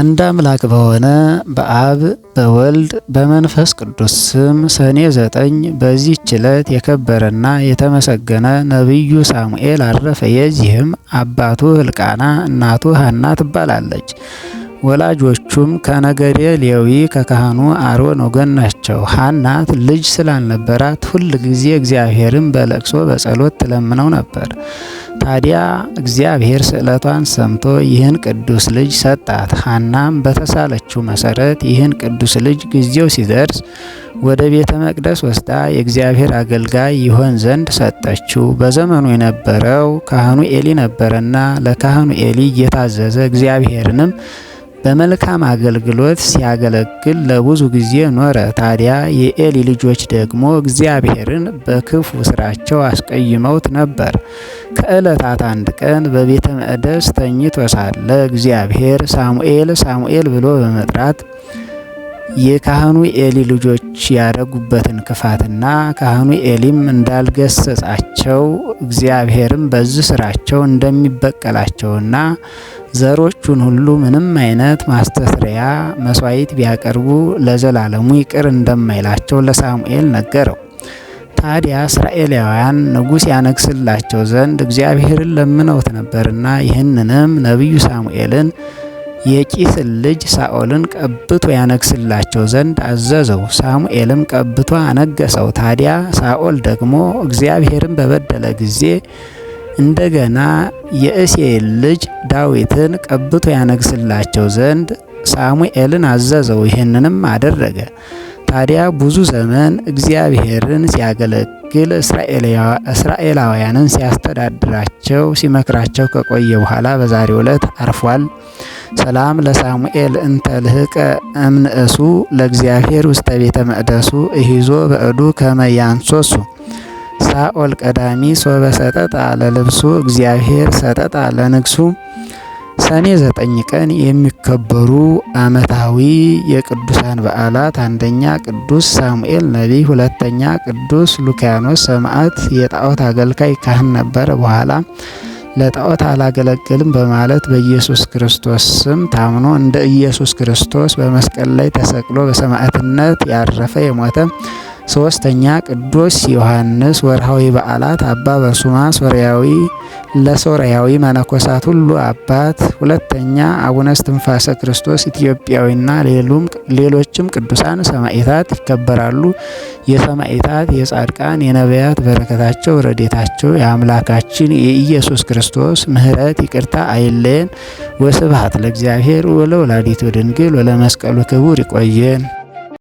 አንድ አምላክ በሆነ በአብ በወልድ በመንፈስ ቅዱስ ስም ሰኔ ዘጠኝ በዚህች ዕለት የከበረና የተመሰገነ ነቢዩ ሳሙኤል አረፈ። የዚህም አባቱ ሕልቃና እናቱ ሐና ትባላለች። ወላጆቹም ከነገዴ ሌዊ ከካህኑ አሮን ወገን ናቸው። ሐና ልጅ ስላልነበራት ሁል ጊዜ እግዚአብሔርን በለቅሶ በጸሎት ትለምነው ነበር። ታዲያ እግዚአብሔር ስዕለቷን ሰምቶ ይህን ቅዱስ ልጅ ሰጣት። ሐናም በተሳለችው መሰረት ይህን ቅዱስ ልጅ ጊዜው ሲደርስ ወደ ቤተ መቅደስ ወስዳ የእግዚአብሔር አገልጋይ ይሆን ዘንድ ሰጠችው። በዘመኑ የነበረው ካህኑ ኤሊ ነበረና ለካህኑ ኤሊ እየታዘዘ እግዚአብሔርንም በመልካም አገልግሎት ሲያገለግል ለብዙ ጊዜ ኖረ። ታዲያ የኤሊ ልጆች ደግሞ እግዚአብሔርን በክፉ ስራቸው አስቀይመውት ነበር። ከዕለታት አንድ ቀን በቤተ መቅደስ ተኝቶ ሳለ እግዚአብሔር ሳሙኤል ሳሙኤል ብሎ በመጥራት የካህኑ ኤሊ ልጆች ያደረጉበትን ክፋትና ካህኑ ኤሊም እንዳልገሰጻቸው እግዚአብሔርም በዚህ ስራቸው እንደሚበቀላቸውና ዘሮቹን ሁሉ ምንም አይነት ማስተስሪያ መስዋዕት ቢያቀርቡ ለዘላለሙ ይቅር እንደማይላቸው ለሳሙኤል ነገረው። ታዲያ እስራኤላውያን ንጉሥ ያነግስላቸው ዘንድ እግዚአብሔርን ለምነውት ነበርና ይህንንም ነቢዩ ሳሙኤልን የቂስ ልጅ ሳኦልን ቀብቶ ያነግስላቸው ዘንድ አዘዘው። ሳሙኤልም ቀብቶ አነገሰው። ታዲያ ሳኦል ደግሞ እግዚአብሔርን በበደለ ጊዜ እንደገና የእሴይን ልጅ ዳዊትን ቀብቶ ያነግስላቸው ዘንድ ሳሙኤልን አዘዘው። ይህንንም አደረገ። ታዲያ ብዙ ዘመን እግዚአብሔርን ሲያገለግል በትክክል እስራኤላውያንን ሲያስተዳድራቸው ሲመክራቸው ከቆየ በኋላ በዛሬው ዕለት አርፏል። ሰላም ለሳሙኤል እንተ ልህቀ እምንእሱ ለእግዚአብሔር ውስተ ቤተ መቅደሱ እሂዞ በእዱ ከመያንሶሱ ሳኦል ቀዳሚ ሶበ ሰጠጣ ለልብሱ እግዚአብሔር ሰጠጣ ለንግሱ ሰኔ ዘጠኝ ቀን የሚከበሩ ዓመታዊ የቅዱሳን በዓላት፣ አንደኛ ቅዱስ ሳሙኤል ነቢይ፣ ሁለተኛ ቅዱስ ሉኪያኖስ ሰማዕት የጣዖት አገልጋይ ካህን ነበረ። በኋላ ለጣዖት አላገለግልም በማለት በኢየሱስ ክርስቶስ ስም ታምኖ እንደ ኢየሱስ ክርስቶስ በመስቀል ላይ ተሰቅሎ በሰማዕትነት ያረፈ የሞተ ሶስተኛ ቅዱስ ዮሐንስ። ወርሃዊ በዓላት አባ በርሱማ ሶርያዊ ለሶርያዊ መነኮሳት ሁሉ አባት። ሁለተኛ አቡነ እስትንፋሰ ክርስቶስ ኢትዮጵያዊና ሌሎችም ቅዱሳን ሰማዕታት ይከበራሉ። የሰማዕታት የጻድቃን የነቢያት በረከታቸው ረዴታቸው የአምላካችን የኢየሱስ ክርስቶስ ምሕረት ይቅርታ አይለየን። ወስብሐት ለእግዚአብሔር ወለወላዲቱ ድንግል ወለመስቀሉ ክቡር። ይቆየን።